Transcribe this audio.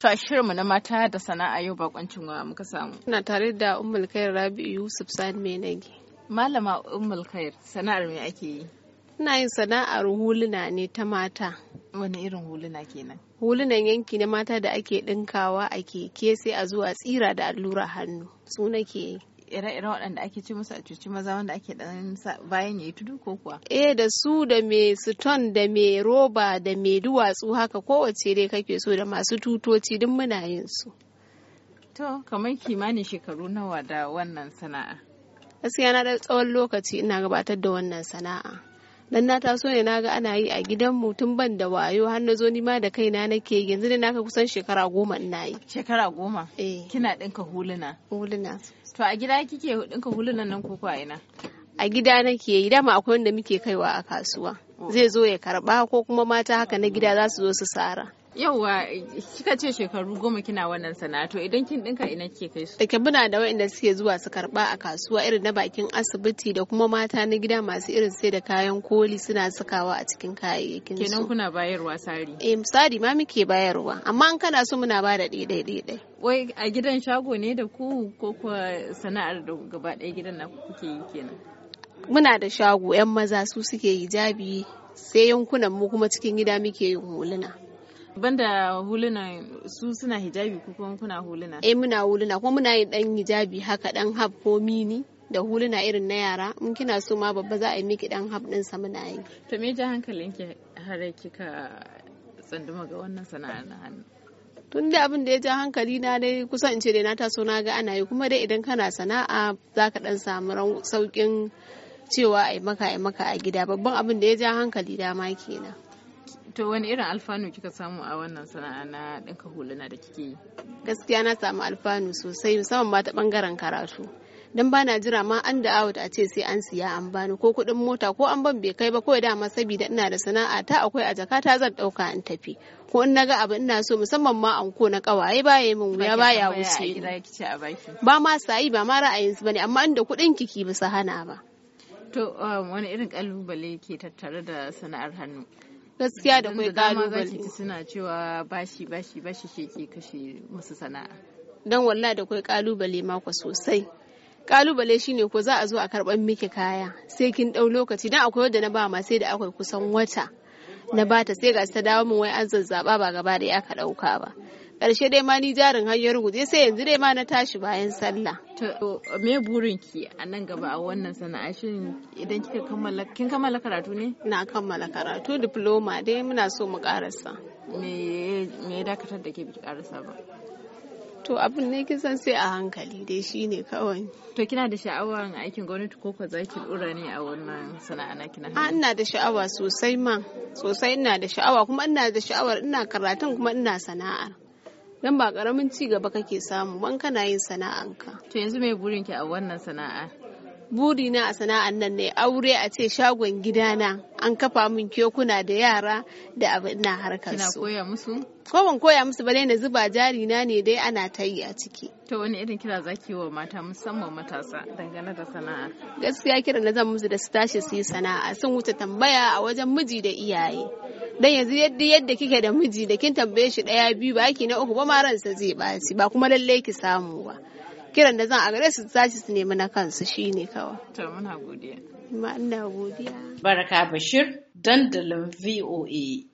To shirinmu na mata da sana'a yau bakoncin wa muka samu. Ina tare da Ummul Khair Rabi'u Yusuf Sani Menage. Malama Ummul Khair sana'ar me ake yi? Ina yin sana'ar huluna ne ta mata. Wani irin huluna kenan? Hulunan yanki na mata da ake ɗinkawa a keke sai a zuwa tsira da allura hannu. Su nake yi. ire ire waɗanda ake ce musu a cuci maza wanda ake dan bayan yayi tudu ko kuwa eh da su da me suton da me roba da me duwatsu haka kowace dai kake so da masu tutoci duk muna yin su to kamar kimanin shekaru nawa da wannan sana'a gaskiya na da tsawon lokaci ina gabatar da wannan sana'a dan na taso ne naga ana yi a gidan mu tun ban da wayo har na zo nima da kaina nake yanzu ne naka kusan shekara goma ina yi shekara goma eh. kina dinka huluna huluna to a gida kike dinka hulunan nan koko a ina a gida nake yi dama akwai wanda muke kaiwa a kasuwa oh. zai zo ya karba ko kuma mata haka na gida za su zo su sara Yauwa kika ce shekaru goma kina wannan sana'a to idan kin dinka ina kike kai su. Dake muna da waɗanda suke zuwa su karba a kasuwa irin na bakin asibiti da kuma mata na gida masu irin sai da kayan koli suna sakawa a cikin kayayyakin su. Kenan kuna bayarwa sari. Eh sari ma muke bayarwa amma an kana so muna bada ɗaiɗai ɗaiɗai. Wai a gidan shago ne da ku ko kuwa sana'ar da gaba ɗaya gidan na kuke yi kenan. Muna da shago 'yan maza su suke hijabi sai yankunan mu kuma cikin gida muke yin huluna. banda huluna su suna hijabi ko kuma kuna huluna eh muna huluna kuma muna yin dan hijabi haka dan hab ko mini da huluna irin na yara mun kina so ma babba za a yi miki dan hab din sa muna yi to me ja ki har kika tsanduma ga wannan sana'a na hannu tun da abin da ya ja hankali na dai kusan in ce dai na taso na ga ana yi kuma dai idan kana sana'a za ka dan samu saukin cewa yi maka yi maka a gida babban abin da ya ja hankali dama kenan To wani irin alfanu kika samu a wannan sana'a na ɗinka huluna da kike yi? Gaskiya na samu alfanu sosai musamman ba ta ɓangaren karatu. dan bana jira ma an da out a ce sai an siya an bani ko kuɗin mota ko an ban bai kai ba kawai dama saboda ina da sana'a ta akwai a jakata zan ɗauka in tafi. ko in naga abu ina so musamman ma anko na kawaye baya min wuya baya wuce ba ma sayi ba ma ra'ayin su bane amma inda kuɗin kiki ba hana ba to um, wani irin kalubale ke tattare da sana'ar hannu gaskiya da kai kalubale suna cewa bashi bashi bashi shi ke kashe musu sana'a dan wallahi da kai kalubale mako sosai kalubale shine ko za a zo a karban miki kaya sai kin dau lokaci dan akwai wanda na ba ma sai da akwai kusan wata na bata sai ga ta dawo min wai an zazzaba ba gaba da ya ka dauka ba karshe dai ma ni jarin hanyar guje sai yanzu dai ma na tashi bayan sallah to me burin ki a nan gaba a wannan sana'a shin idan kika kammala kin kammala karatu ne na kammala karatu diploma dai muna so mu karasa me me dakatar da ke biki karasa ba to abin ne san sai a hankali dai shine kawai to kina da sha'awar aikin gwamnati ko za ki dora ne a wannan sana'a na kina a ina da sha'awa sosai ma sosai ina da sha'awa kuma ina da sha'awar ina karatun kuma ina sana'ar don ba karamin ci gaba kake samu ban kana yin sana'anka to yanzu mai burin ki a wannan sana'a burina a sana'an nan ne aure a ce shagon gidana an kafa min kyokuna da yara da abin na harkar su kina koya musu ko ban koya musu ba na zuba jari na ne dai ana ta yi a ciki to wani irin kira zaki wa mata musamman matasa dangane da sana'a gaskiya kiran na zan musu da su tashi su yi sana'a sun wuce tambaya a wajen miji da iyaye dan yanzu yadda yadda kike da miji da kin tambaye shi daya biyu ba ki na uku ba ma ransa zai baci ba kuma lalle ki samu ba kiran da zan a su tashi su nemi na kansu shine kawai to muna godiya ma Allah godiya baraka bashir dandalin VOA